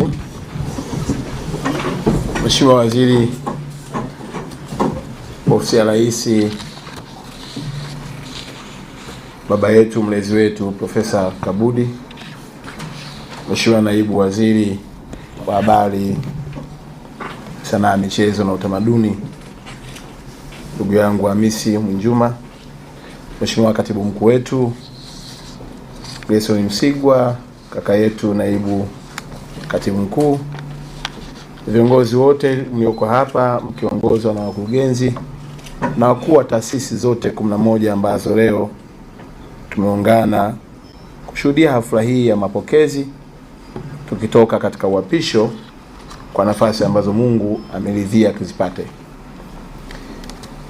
wote. Mheshimiwa Waziri Ofisi ya Rais, baba yetu mlezi wetu Profesa Kabudi, Mheshimiwa Naibu Waziri wa Habari, Sanaa, Michezo na Utamaduni, ndugu yangu Hamisi Mwinjuma, Mheshimiwa Katibu Mkuu wetu Gerson Msigwa, kaka yetu Naibu katibu mkuu, viongozi wote mlioko hapa mkiongozwa na wakurugenzi na wakuu wa taasisi zote kumi na moja ambazo leo tumeungana kushuhudia hafla hii ya mapokezi tukitoka katika uapisho kwa nafasi ambazo Mungu ameridhia tuzipate.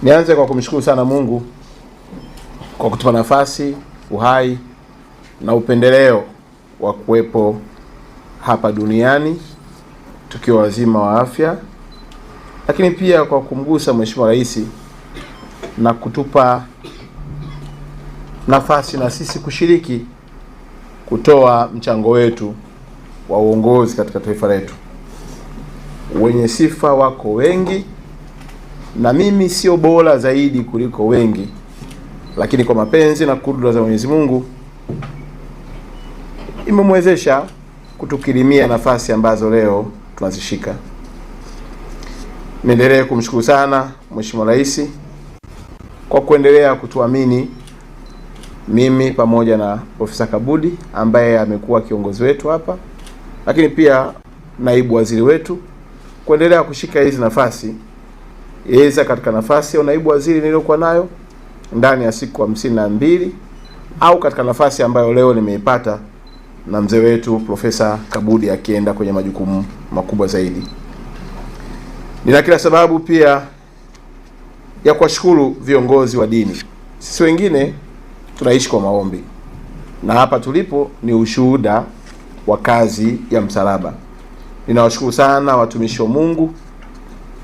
Nianze kwa kumshukuru sana Mungu kwa kutupa nafasi, uhai na upendeleo wa kuwepo hapa duniani tukiwa wazima wa afya, lakini pia kwa kumgusa Mheshimiwa Rais na kutupa nafasi na sisi kushiriki kutoa mchango wetu wa uongozi katika taifa letu. Wenye sifa wako wengi, na mimi sio bora zaidi kuliko wengi, lakini kwa mapenzi na kudura za Mwenyezi Mungu imemwezesha kutukirimia nafasi ambazo leo tunazishika. Niendelee kumshukuru sana Mheshimiwa Rais kwa kuendelea kutuamini mimi pamoja na Profesa Kabudi ambaye amekuwa kiongozi wetu hapa, lakini pia naibu waziri wetu kuendelea kushika hizi nafasi iza katika nafasi ya naibu waziri niliyokuwa nayo ndani ya siku hamsini na mbili au katika nafasi ambayo leo nimeipata na mzee wetu Profesa Kabudi akienda kwenye majukumu makubwa zaidi. Nina kila sababu pia ya kuwashukuru viongozi wa dini. Sisi wengine tunaishi kwa maombi, na hapa tulipo ni ushuhuda wa kazi ya msalaba. Ninawashukuru sana watumishi wa Mungu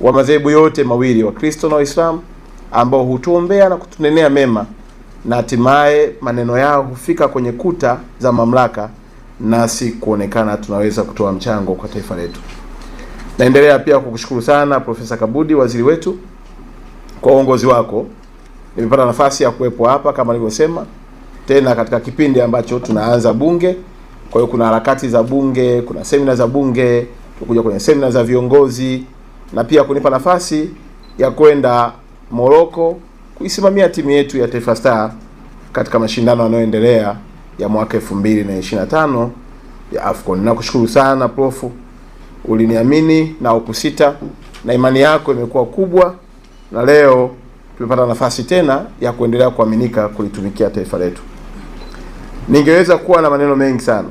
wa madhehebu yote mawili, wa Kristo na Waislamu, ambao hutuombea na kutunenea mema na hatimaye maneno yao hufika kwenye kuta za mamlaka nasi kuonekana tunaweza kutoa mchango kwa taifa letu. Naendelea pia kukushukuru sana Profesa Kabudi, waziri wetu, kwa uongozi wako. Nimepata nafasi ya kuwepo hapa kama nilivyosema, tena katika kipindi ambacho tunaanza bunge. Kwa hiyo kuna harakati za bunge, kuna semina za bunge, tukuja kwenye semina za viongozi na pia kunipa nafasi ya kwenda Moroko kuisimamia timu yetu ya Taifa Star katika mashindano yanayoendelea ya mwaka 2025 ya Afcon. Nakushukuru sana Prof, uliniamini na ukusita, na imani yako imekuwa kubwa, na leo tumepata nafasi tena ya kuendelea kuaminika kulitumikia taifa letu. Ningeweza kuwa na maneno mengi sana,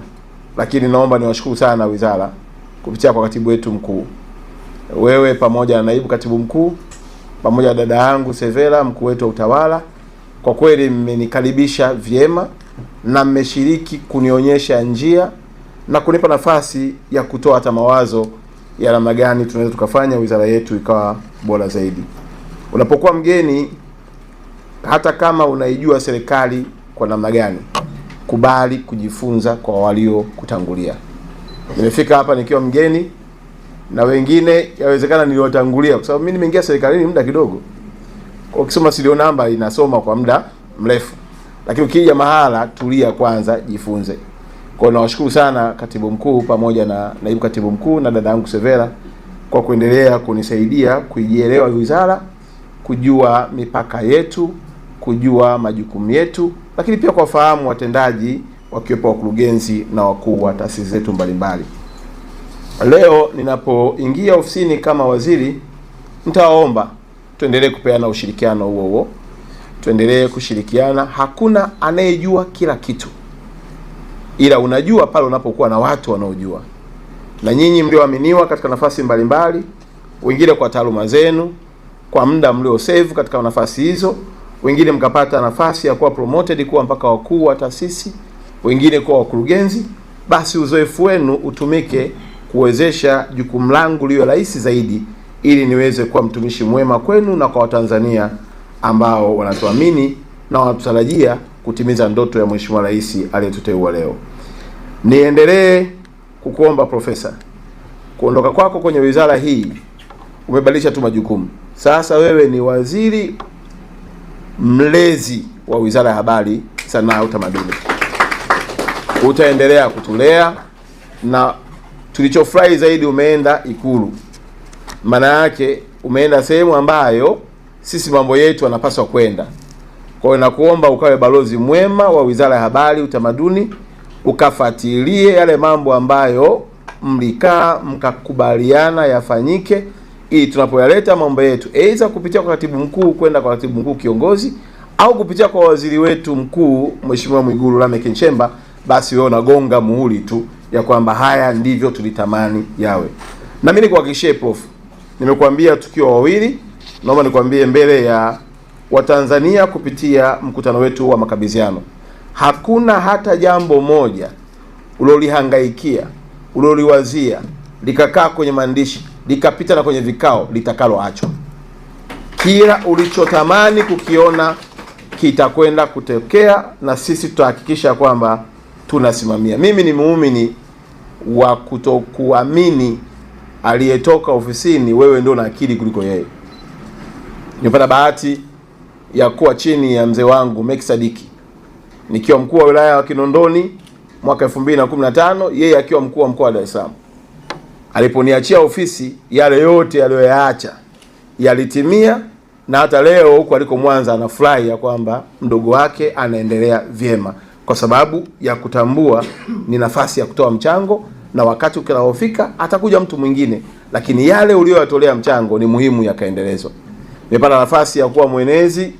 lakini naomba niwashukuru sana wizara kupitia kwa katibu wetu mkuu, wewe pamoja na naibu katibu mkuu pamoja na dada yangu Sevela, mkuu wetu wa utawala, kwa kweli mmenikaribisha vyema na mmeshiriki kunionyesha njia na kunipa nafasi ya kutoa hata mawazo ya namna gani tunaweza tukafanya wizara yetu ikawa bora zaidi. Unapokuwa mgeni, hata kama unaijua serikali kwa namna gani, kubali kujifunza kwa kutangulia. Nimefika hapa nikiwa mgeni na wengine yawezekana niliwatangulia, kwa sababu mimi nimeingia serikalini muda kidogo. Ukisoma serial namba inasoma kwa muda mrefu lakini ukija mahala tulia kwanza, jifunze. Kwa nawashukuru sana katibu mkuu pamoja na naibu katibu mkuu na dada yangu Severa kwa kuendelea kunisaidia kuielewa wizara, kujua mipaka yetu, kujua majukumu yetu, lakini pia kwa fahamu watendaji wakiwepo wakurugenzi na wakuu wa taasisi zetu mbalimbali. Leo ninapoingia ofisini kama waziri, nitawaomba tuendelee kupeana ushirikiano huo huo tuendelee kushirikiana. Hakuna anayejua kila kitu, ila unajua pale unapokuwa na watu wanaojua, na nyinyi mlioaminiwa katika nafasi mbalimbali, wengine kwa taaluma zenu, kwa muda save katika nafasi hizo, wengine mkapata nafasi ya kuwa promoted kuwa mpaka wakuu wa taasisi, wengine kuwa wakurugenzi, basi uzoefu wenu utumike kuwezesha jukumu langu liwe rahisi zaidi, ili niweze kuwa mtumishi mwema kwenu na kwa Watanzania ambao wanatuamini na wanatutarajia kutimiza ndoto ya Mheshimiwa Rais aliyetuteua leo. Niendelee kukuomba Profesa, kuondoka kwako kwenye wizara hii umebadilisha tu majukumu. Sasa wewe ni waziri mlezi wa Wizara ya Habari, Sanaa, Utamaduni. Utaendelea kutulea na tulichofurahi zaidi, umeenda Ikulu. Maana yake umeenda sehemu ambayo sisi mambo yetu anapaswa kwenda. Kwa hiyo nakuomba ukawe balozi mwema wa Wizara ya Habari, Utamaduni, ukafuatilie yale mambo ambayo mlikaa mkakubaliana yafanyike, ili tunapoyaleta mambo yetu aidha kupitia kwa katibu mkuu kwenda kwa katibu mkuu kiongozi au kupitia kwa waziri wetu mkuu Mheshimiwa Mwigulu Lameck Nchemba, basi wewe unagonga muhuri tu ya kwamba haya ndivyo tulitamani yawe. Na mimi nikuhakikishie prof, nimekuambia tukiwa wawili naomba nikwambie mbele ya Watanzania kupitia mkutano wetu wa makabiziano hakuna hata jambo moja ulilolihangaikia uloliwazia likakaa kwenye maandishi likapita na kwenye vikao litakaloachwa. Kila ulichotamani kukiona kitakwenda kutokea, na sisi tutahakikisha kwamba tunasimamia. Mimi ni muumini wa kutokuamini aliyetoka ofisini, wewe ndio na akili kuliko yeye. Nimepata bahati ya kuwa chini ya mzee wangu Meki Sadiki nikiwa mkuu wa wilaya wa Kinondoni mwaka 2015 yeye akiwa mkuu wa mkoa wa Dar es Salaam. Aliponiachia ofisi, yale yote aliyoyaacha yalitimia, na hata leo huko aliko Mwanza anafurahi ya kwamba mdogo wake anaendelea vyema, kwa sababu ya kutambua ni nafasi ya kutoa mchango, na wakati ukinaofika atakuja mtu mwingine, lakini yale uliyoyatolea mchango ni muhimu yakaendelezwa. Nimepata nafasi ya kuwa mwenezi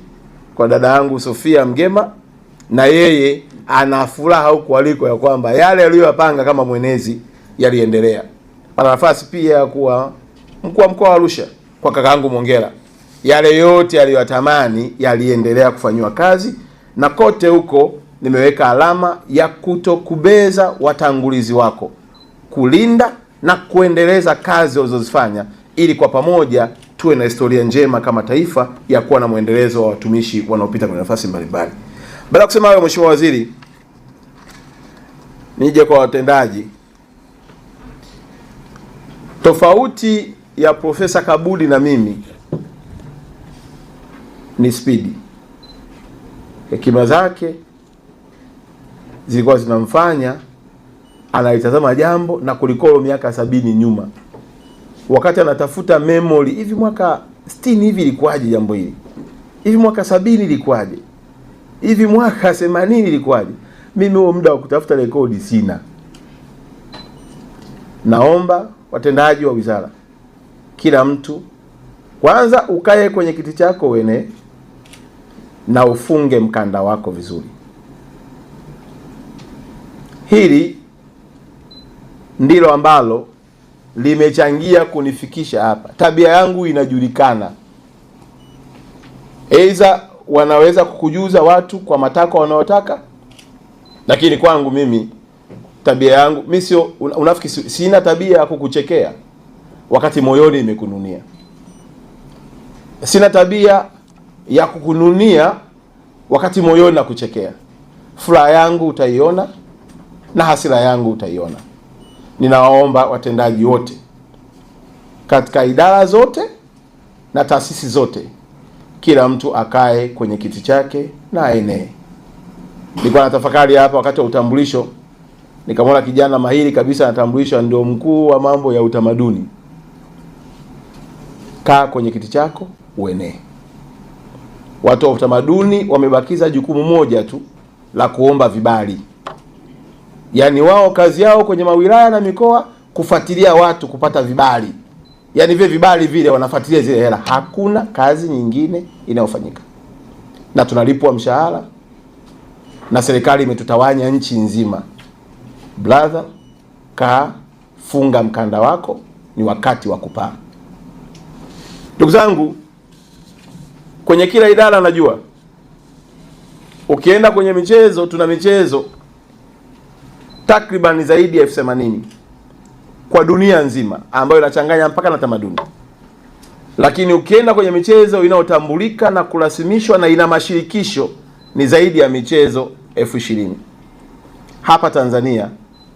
kwa dada yangu Sofia Mgema, na yeye ana furaha huko aliko ya kwamba yale aliyoyapanga kama mwenezi yaliendelea. Pana nafasi pia ya kuwa mkuu wa mkoa wa Arusha kwa kakaangu Mongera, yale yote aliyoyatamani yaliendelea kufanyiwa kazi, na kote huko nimeweka alama ya kutokubeza watangulizi wako, kulinda na kuendeleza kazi ulizozifanya ili kwa pamoja tuwe na historia njema kama taifa ya kuwa na mwendelezo wa watumishi wanaopita kwenye nafasi mbalimbali. Baada ya kusema hayo, Mheshimiwa Waziri, nije kwa watendaji. Tofauti ya Profesa Kabudi na mimi ni spidi. Hekima zake zilikuwa zinamfanya anaitazama jambo na kulikolo miaka sabini nyuma wakati anatafuta memory, hivi mwaka 60 hivi ilikuwaje jambo hili? Hivi mwaka sabini ilikuwaje? Hivi mwaka 80 ilikuwaje? Mimi huo muda wa kutafuta rekodi sina. Naomba watendaji wa wizara, kila mtu kwanza ukae kwenye kiti chako wene na ufunge mkanda wako vizuri. Hili ndilo ambalo limechangia kunifikisha hapa. Tabia yangu inajulikana, aidha wanaweza kukujuza watu kwa matakwa wanaotaka, lakini kwangu mimi tabia yangu mi sio unafiki, sina tabia ya kukuchekea wakati moyoni imekununia. Sina tabia ya kukununia wakati moyoni nakuchekea. Furaha yangu utaiona na hasira yangu utaiona ninawaomba watendaji wote katika idara zote na taasisi zote, kila mtu akae kwenye kiti chake na aenee. Nilikuwa tafakari hapa wakati wa utambulisho, nikamwona kijana mahiri kabisa anatambulishwa, ndio mkuu wa mambo ya utamaduni. Kaa kwenye kiti chako uenee. Watu wa utamaduni wamebakiza jukumu moja tu la kuomba vibali. Yaani wao kazi yao kwenye mawilaya na mikoa kufuatilia watu kupata vibali, yaani vile vibali vile wanafuatilia zile hela. Hakuna kazi nyingine inayofanyika, na tunalipwa mshahara na serikali imetutawanya nchi nzima. Brother, kaa funga mkanda wako, ni wakati wa kupaa. Ndugu zangu, kwenye kila idara najua ukienda kwenye michezo, tuna michezo takriban zaidi ya elfu themanini kwa dunia nzima ambayo inachanganya mpaka na tamaduni. Lakini ukienda kwenye michezo inayotambulika na kurasimishwa na ina mashirikisho ni zaidi ya michezo elfu ishirini. Hapa Tanzania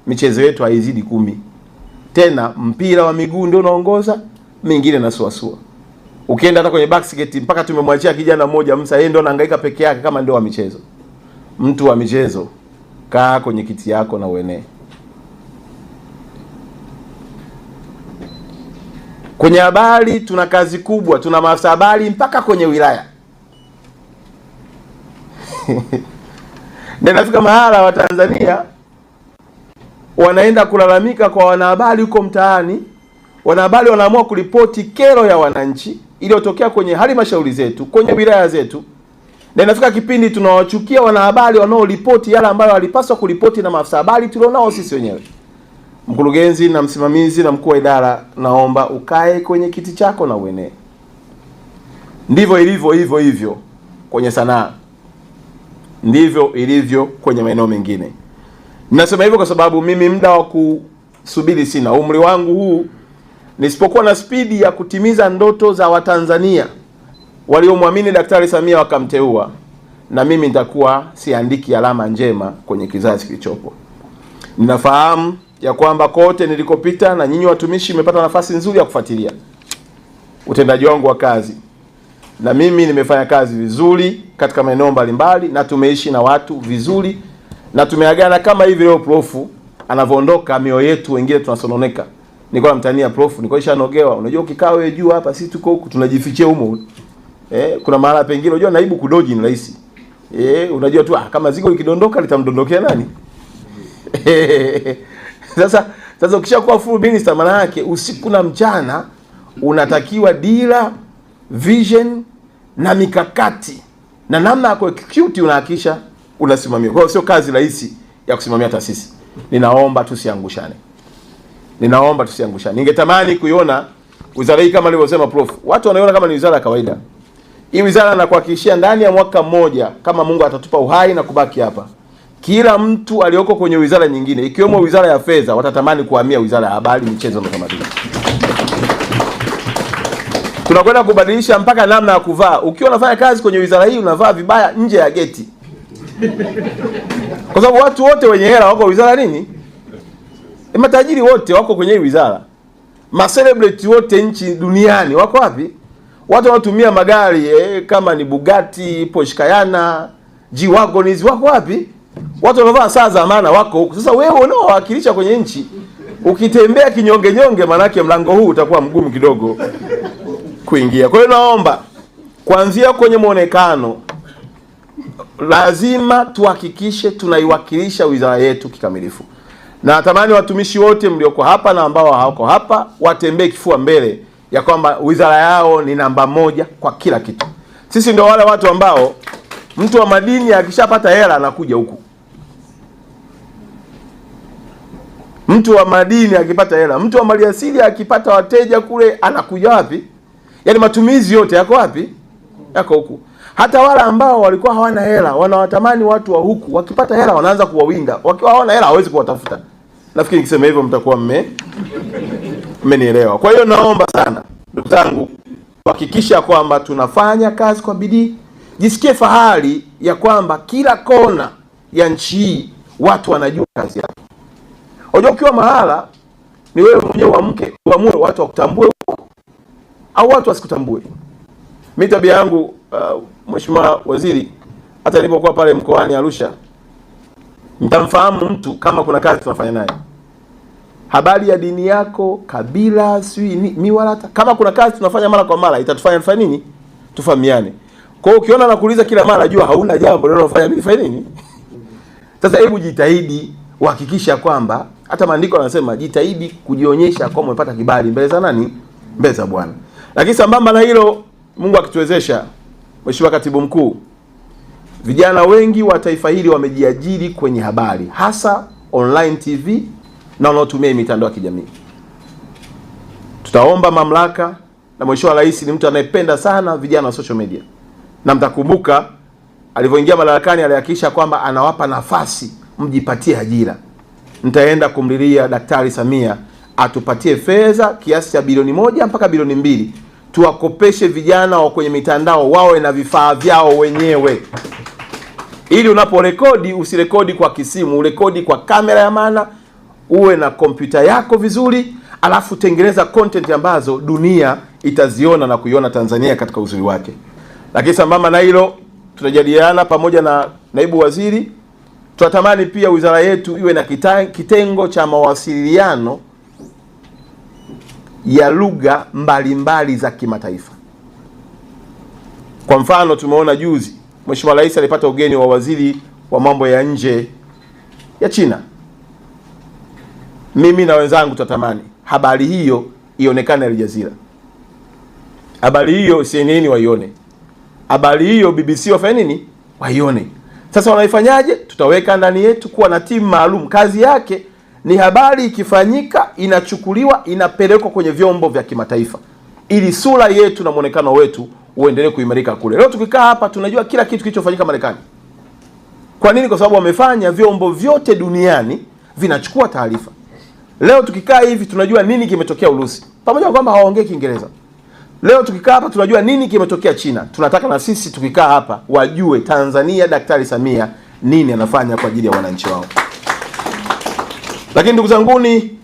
michezo yetu haizidi kumi. Tena mpira wa miguu ndio unaongoza, mingine nasuasua. Ukienda hata kwenye basket mpaka tumemwachia kijana mmoja Msa, yeye ndio anahangaika peke yake kama ndio wa michezo. Mtu wa michezo kaa kwenye kiti yako na uenee. Kwenye habari tuna kazi kubwa, tuna maafisa habari mpaka kwenye wilaya nafika mahala wa Tanzania wanaenda kulalamika kwa wanahabari huko mtaani. Wanahabari wanaamua kuripoti kero ya wananchi iliyotokea kwenye halmashauri zetu, kwenye wilaya zetu na inafika kipindi tunawachukia wanahabari wanaoripoti yale ambayo walipaswa kuripoti na maafisa habari tulionao sisi wenyewe. Mkurugenzi na msimamizi na mkuu wa idara, naomba ukae kwenye kiti chako na uenee. Ndivyo ilivyo hivyo hivyo kwenye sanaa, ndivyo ilivyo kwenye maeneo mengine. Nasema hivyo kwa sababu mimi muda wa kusubiri sina. Umri wangu huu, nisipokuwa na spidi ya kutimiza ndoto za Watanzania waliomwamini Daktari Samia wakamteua, na mimi nitakuwa siandiki alama njema kwenye kizazi kilichopo. Ninafahamu ya kwamba kote nilikopita na nyinyi watumishi mmepata nafasi nzuri ya kufuatilia utendaji wangu wa kazi, na mimi nimefanya kazi vizuri katika maeneo mbalimbali, na tumeishi na watu vizuri na tumeagana kama hivi leo. Profu anavyoondoka mioyo yetu wengine tunasononeka. Nilikuwa namtania profu, nilikuwa nishanogewa, unajua ukikaa wewe juu hapa, sisi tuko huku tunajifichia humo eh, kuna mahala pengine unajua naibu kudoji ni rahisi eh, unajua tu ah, kama zigo likidondoka litamdondokea nani? Sasa sasa ukishakuwa full minister, maana yake usiku na mchana unatakiwa dira, vision na mikakati na namna ya kuexecute unahakisha unasimamia. Kwa hiyo sio kazi rahisi ya kusimamia taasisi. Ninaomba tusiangushane, ninaomba tusiangushane. Ningetamani kuiona wizara hii kama alivyosema Prof, watu wanaiona kama ni wizara ya kawaida. Hii wizara nakuhakikishia ndani ya mwaka mmoja, kama Mungu atatupa uhai na kubaki hapa, kila mtu aliyoko kwenye wizara nyingine ikiwemo wizara ya fedha watatamani kuhamia wizara ya habari, michezo na utamaduni. Tunakwenda kubadilisha mpaka namna ya kuvaa. Ukiwa unafanya kazi kwenye wizara hii unavaa vibaya nje ya geti, kwa sababu watu wote wenye hela wako wizara nini? E, matajiri wote wako kwenye hii wizara, macelebrity wote nchi duniani wako wapi? watu wanaotumia magari eh, kama ni Bugatti, Porsche Cayenne, G-Wagon hizi wako wapi? Watu wanavaa saa za maana wako huko. Sasa wewe unaowakilisha kwenye nchi ukitembea kinyonge nyonge, manake mlango huu utakuwa mgumu kidogo kuingia. Kwa hiyo naomba kuanzia kwenye mwonekano, lazima tuhakikishe tunaiwakilisha wizara yetu kikamilifu. Na natamani watumishi wote mlioko hapa na ambao hawako hapa watembee kifua mbele ya kwamba wizara yao ni namba moja kwa kila kitu. Sisi ndio wale watu ambao mtu wa madini akishapata hela anakuja huku, mtu wa madini akipata hela, mtu wa maliasili akipata wateja kule anakuja wapi? Yaani matumizi yote yako wapi? Yako huku. Hata wale ambao walikuwa hawana hela wanawatamani watu wa huku, wakipata hela wanaanza kuwawinda, wakiwa hawana hela hawezi kuwatafuta. Nafikiri nikisema hivyo mtakuwa mme umenielewa. Kwa hiyo naomba sana ndugu zangu, kuhakikisha kwamba tunafanya kazi kwa bidii. Jisikie fahari ya kwamba kila kona ya nchi hii watu wanajua kazi yako. Unajua, ukiwa mahala ni wewe mwenyewe uamke, uamue watu wakutambue huko au watu wasikutambue. Mimi tabia yangu uh, Mheshimiwa Waziri, hata nilipokuwa pale mkoani Arusha, nitamfahamu mtu kama kuna kazi tunafanya naye habari ya dini yako, kabila, si sijui hata. Kama kuna kazi tunafanya mara kwa mara itatufanya tufanye nini? Tufahamiane. Kwa hiyo ukiona nakuuliza kila mara, jua hauna jambo leo unafanya mimi fanye nini. Sasa hebu jitahidi uhakikisha kwamba hata maandiko yanasema jitahidi kujionyesha kwa umepata kibali mbele za nani? Mbele za Bwana. Lakini sambamba na hilo, Mungu akituwezesha, Mheshimiwa Katibu Mkuu, vijana wengi wa taifa hili wamejiajiri kwenye habari, hasa online TV na wanaotumia mitandao ya kijamii. Tutaomba mamlaka, na Mheshimiwa Rais ni mtu anayependa sana vijana wa social media, na mtakumbuka alivyoingia madarakani alihakikisha kwamba anawapa nafasi mjipatie ajira. Nitaenda kumlilia Daktari Samia atupatie fedha kiasi cha bilioni moja mpaka bilioni mbili tuwakopeshe vijana wa kwenye mitandao wawe na vifaa vyao wenyewe, ili unaporekodi usirekodi kwa kisimu, urekodi kwa kamera ya maana uwe na kompyuta yako vizuri, alafu tengeneza content ambazo dunia itaziona na kuiona Tanzania katika uzuri wake. Lakini sambamba na hilo, tutajadiliana pamoja na naibu waziri, tunatamani pia wizara yetu iwe na kitengo cha mawasiliano ya lugha mbalimbali za kimataifa. Kwa mfano, tumeona juzi Mheshimiwa Rais alipata ugeni wa waziri wa mambo ya nje ya China mimi na wenzangu tutatamani habari hiyo ionekane Aljazira, habari hiyo CNN waione, habari hiyo BBC wafanye nini, waione. Sasa wanaifanyaje? Tutaweka ndani yetu kuwa na timu maalum, kazi yake ni habari ikifanyika, inachukuliwa, inapelekwa kwenye vyombo vya kimataifa ili sura yetu na mwonekano wetu uendelee kuimarika kule. Leo tukikaa hapa tunajua kila kitu kilichofanyika Marekani. Kwa nini? Kwa sababu wamefanya vyombo vyote duniani vinachukua taarifa. Leo tukikaa hivi tunajua nini kimetokea Urusi, pamoja na kwamba hawaongei Kiingereza. Leo tukikaa hapa tunajua nini kimetokea China. Tunataka na sisi tukikaa hapa wajue Tanzania, Daktari Samia nini anafanya kwa ajili ya wananchi wao. Lakini ndugu zanguni,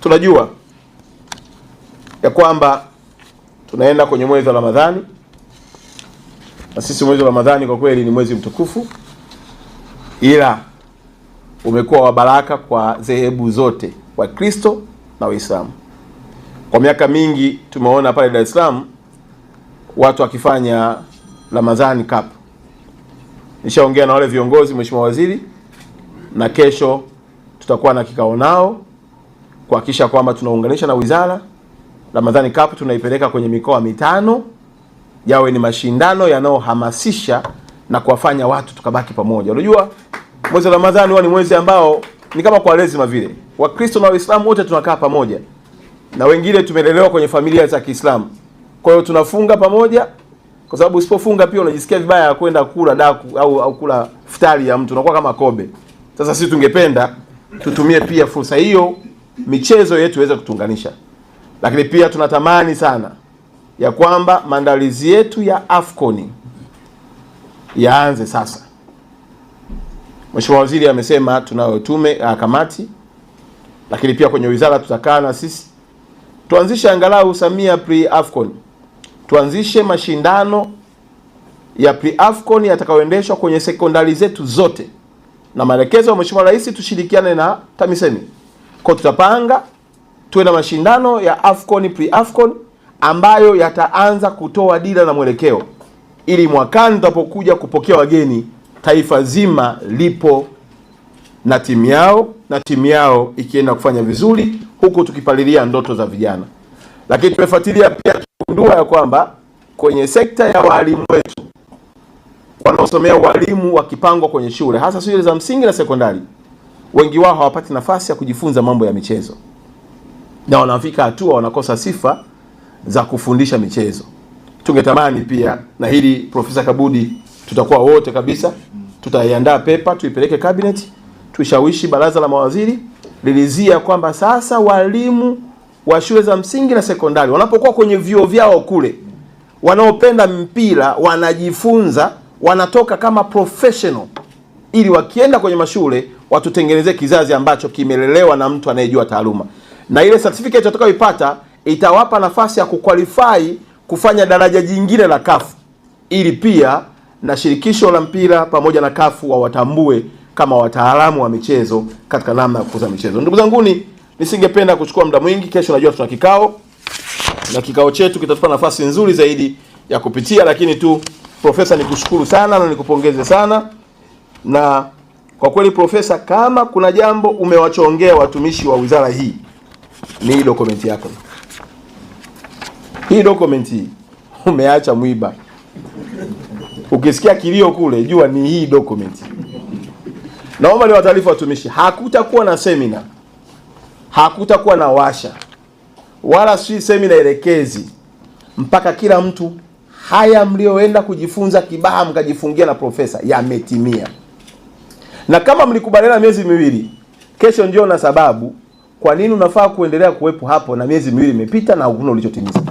tunajua ya kwamba tunaenda kwenye mwezi wa Ramadhani, na sisi mwezi wa Ramadhani kwa kweli ni mwezi mtukufu, ila umekuwa wa baraka kwa dhehebu zote, Wakristo na Waislamu. Kwa miaka mingi tumeona pale Dar es Salaam watu wakifanya Ramadhani Cup. Nishaongea na wale viongozi, Mheshimiwa Waziri, na kesho tutakuwa na kikao nao kuhakikisha kwamba tunaunganisha na wizara. Ramadhani Cup tunaipeleka kwenye mikoa mitano, yawe ni mashindano yanayohamasisha na kuwafanya watu tukabaki pamoja. Unajua Mwezi wa Ramadhani huwa ni mwezi ambao ni kama kwa lazima vile, Wakristo na Waislamu wote tunakaa pamoja, na wengine tumelelewa kwenye familia za Kiislamu. Kwa hiyo tunafunga pamoja, kwa sababu usipofunga pia unajisikia vibaya ya kwenda kula daku au, au kula futari ya mtu, unakuwa kama kobe. Sasa sisi tungependa tutumie pia fursa hiyo, michezo yetu iweze kutunganisha, lakini pia tunatamani sana ya kwamba maandalizi yetu ya Afcon yaanze sasa. Mheshimiwa Waziri amesema tunayo tume ya ah, kamati, lakini pia kwenye wizara tutakaa na sisi tuanzishe angalau Samia pre Afcon, tuanzishe mashindano ya pre Afcon yatakayoendeshwa kwenye sekondari zetu zote, na maelekezo ya Mheshimiwa Rais tushirikiane na TAMISEMI kwa tutapanga tuwe na mashindano ya Afcon pre Afcon ambayo yataanza kutoa dira na mwelekeo, ili mwakani tutapokuja kupokea wageni taifa zima lipo na timu yao na timu yao ikienda kufanya vizuri, huku tukipalilia ndoto za vijana. Lakini tumefuatilia pia tukagundua ya kwamba kwenye sekta ya walimu wetu wanaosomea walimu wakipangwa kwenye shule hasa shule za msingi na sekondari, wengi wao hawapati nafasi ya kujifunza mambo ya michezo, na wanafika hatua wanakosa sifa za kufundisha michezo. Tungetamani pia na hili Profesa Kabudi tutakuwa wote kabisa, tutaiandaa pepa tuipeleke cabinet, tushawishi baraza la mawaziri lilizia kwamba sasa walimu wa shule za msingi na sekondari wanapokuwa kwenye vyuo vyao kule, wanaopenda mpira wanajifunza, wanatoka kama professional, ili wakienda kwenye mashule watutengenezee kizazi ambacho kimelelewa na mtu anayejua taaluma, na ile certificate watakayoipata itawapa nafasi ya kuqualify kufanya daraja jingine la kafu ili pia na shirikisho la mpira pamoja na kafu wawatambue kama wataalamu wa michezo katika namna ya kukuza michezo. Ndugu zanguni, nisingependa kuchukua muda mwingi. Kesho najua tuna kikao na kikao chetu kitatupa nafasi nzuri zaidi ya kupitia, lakini tu profesa, nikushukuru sana na nikupongeze sana na kwa kweli profesa, kama kuna jambo umewachongea watumishi wa wizara hii ni hii dokumenti yako, hii dokumenti hii umeacha mwiba. Ukisikia kilio kule, jua ni hii document. Naomba ni wataarifu watumishi, hakutakuwa na semina, hakutakuwa na washa wala si semina elekezi mpaka kila mtu haya mlioenda kujifunza Kibaha mkajifungia na profesa yametimia. Na kama mlikubaliana miezi miwili, kesho ndio na sababu kwa nini unafaa kuendelea kuwepo hapo, na miezi miwili imepita na hukuna ulichotimiza.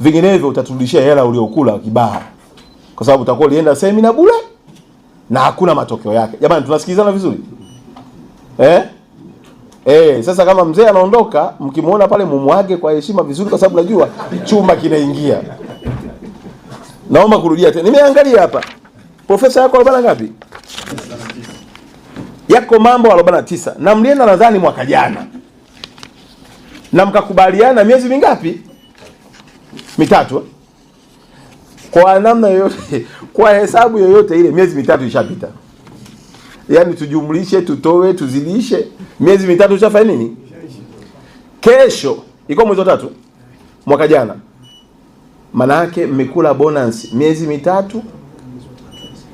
Vinginevyo utatudishia hela uliokula Kibaha kwa sababu utakuwa ulienda semina bure na hakuna matokeo yake. Jamani, tunasikilizana vizuri eh? Eh, sasa kama mzee anaondoka, mkimwona pale mumwage kwa heshima vizuri, kwa sababu najua chumba kinaingia. Naomba kurudia tena, nimeangalia hapa profesa yako arobaini ngapi? Yako mambo arobaini na tisa na mlienda nadhani mwaka jana na mkakubaliana miezi mingapi? Mitatu kwa namna yoyote, kwa hesabu yoyote ile, miezi mitatu ishapita. Yaani tujumlishe, tutoe, tuzidishe, miezi mitatu ishafanya nini? Kesho iko mwezi wa tatu mwaka jana, yake mmekula bonus miezi mitatu.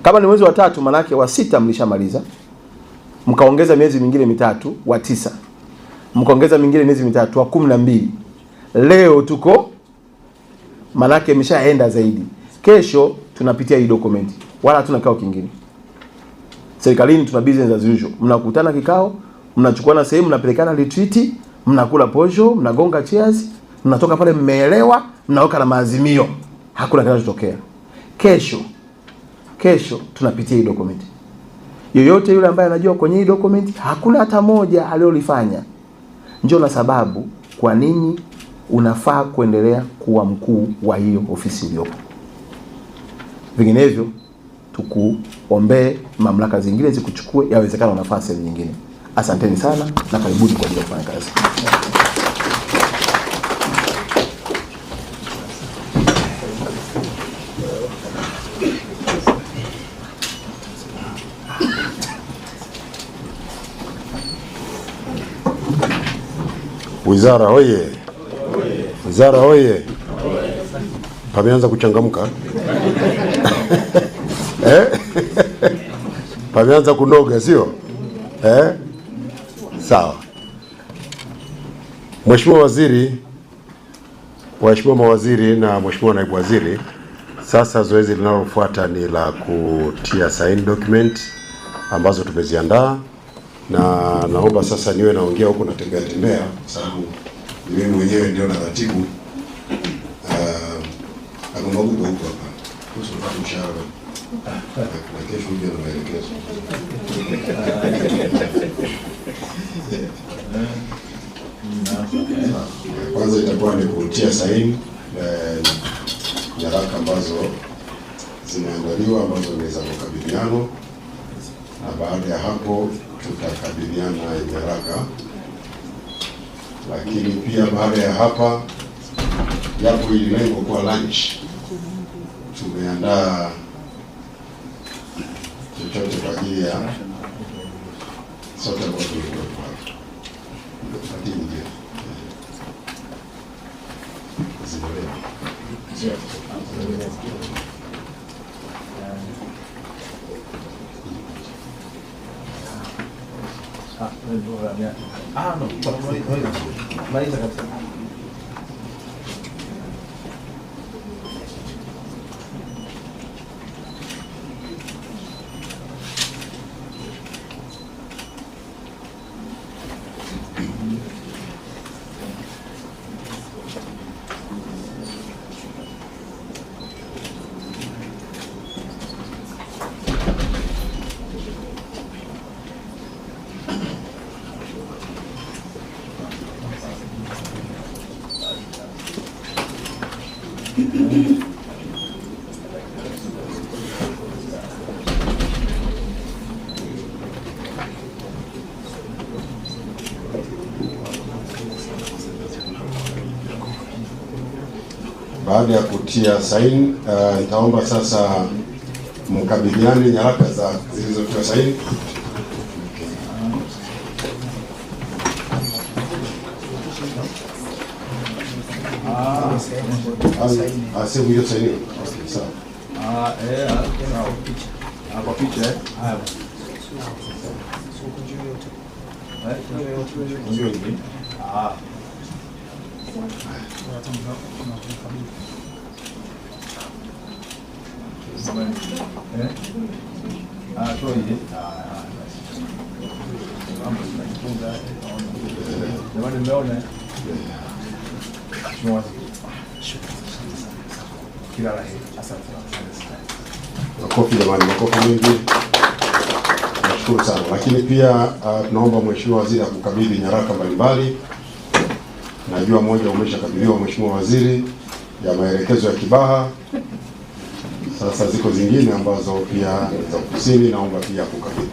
Kama ni mwezi wa tatu, manake wa sita mlishamaliza, mkaongeza miezi mingine mitatu, wa tisa mkaongeza mingine miezi mitatu, wa kumi na mbili. Leo tuko yake imeshaenda zaidi Kesho tunapitia hii dokumenti wala hatuna kikao kingine serikalini. Tuna business as usual, mnakutana kikao, mnachukuana sehemu, mnapelekana retreat, mnakula posho, mnagonga chairs, mnatoka pale, mmeelewa, mnaweka na maazimio. Hakuna kinachotokea kesho. Kesho tunapitia hii dokumenti Yoyote yule ambaye anajua kwenye hii dokumenti hakuna hata moja aliyolifanya, njoo na sababu kwa nini unafaa kuendelea kuwa mkuu wa hiyo ofisi iliyopo vinginevyo tukuombee mamlaka zingine zikuchukue, yawezekana nafasi sehemu nyingine. Asanteni sana na karibuni kwa ajili ya kufanya kazi. Wizara hoye! Wizara hoye! Pameanza kuchangamka. Pameanza kunoga sio? Eh? Sawa. Mheshimiwa Waziri, Mheshimiwa mawaziri na Mheshimiwa naibu waziri, sasa zoezi linalofuata ni la kutia sign document ambazo tumeziandaa na naomba sasa niwe naongea huku natembea tembea, kwa sababu mimi mwenyewe ndio naratibu uh, huko hapa mshahara I guess we could have made guess. Kwanza itakuwa ni kutia saini eh, nyaraka ambazo zimeandaliwa ambazo ni za makabidhiano, na baada ya hapo tutakabiliana nyaraka. Lakini pia baada ya hapa, japo ili lengo kwa lunch tumeandaa chochote kwa ajili ya sote ambao tulikuwa p o l a k i n e Ah, no, maliza kabisa. Baada ya kutia saini uh, itaomba sasa mkabidhiane nyaraka za zilizotiwa saini. Ah, I, I said we just say h it. Okay, so. Uh, yeah, I think I'll pitch. I'll go pitch it. I have. 원주영님. 아. 네? 아, 조이지? 아, 아, 네. 내 말이 매우네. 네. 중요하지. Kila la heri, asante sana. Makofi jamani, makofi mengi, nashukuru sana. Lakini pia uh, tunaomba mheshimiwa waziri akukabidhi nyaraka mbalimbali. Najua moja umeshakabidhiwa mheshimiwa waziri ya maelekezo ya Kibaha. Sasa ziko zingine ambazo pia za kusini, naomba pia kukabidhi.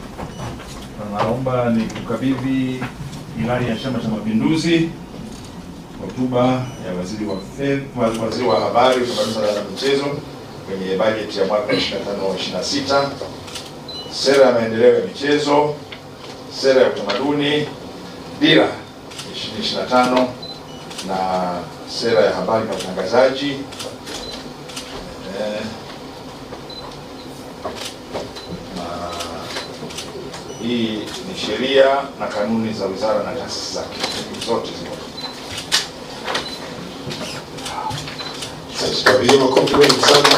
Naomba ni kukabidhi ilani ya Chama cha Mapinduzi hotuba ya waziri wa fedha, waziri wa habari, utamaduni na michezo kwenye bajeti ya mwaka 25 26, sera ya maendeleo ya michezo, sera ya utamaduni, dira 2025 na sera ya habari na utangazaji eh, hii ni sheria na kanuni za wizara na taasisi zake zote ziko Tukapigia makofi mengi sana,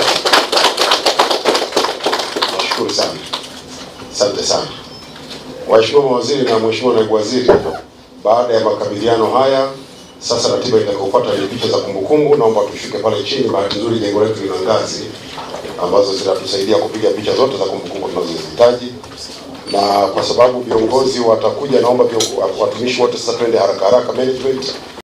nashukuru sana, asante sana Waheshimiwa mawaziri na mheshimiwa naibu waziri. Baada ya makabiliano haya, sasa ratiba itakayofuata ni picha za kumbukumbu. Naomba tushuke pale chini. Bahati nzuri jengo letu lina ngazi ambazo zinatusaidia kupiga picha zote za kumbukumbu tunazozihitaji, na kwa sababu viongozi watakuja, naomba watumishi wote sasa twende haraka haraka management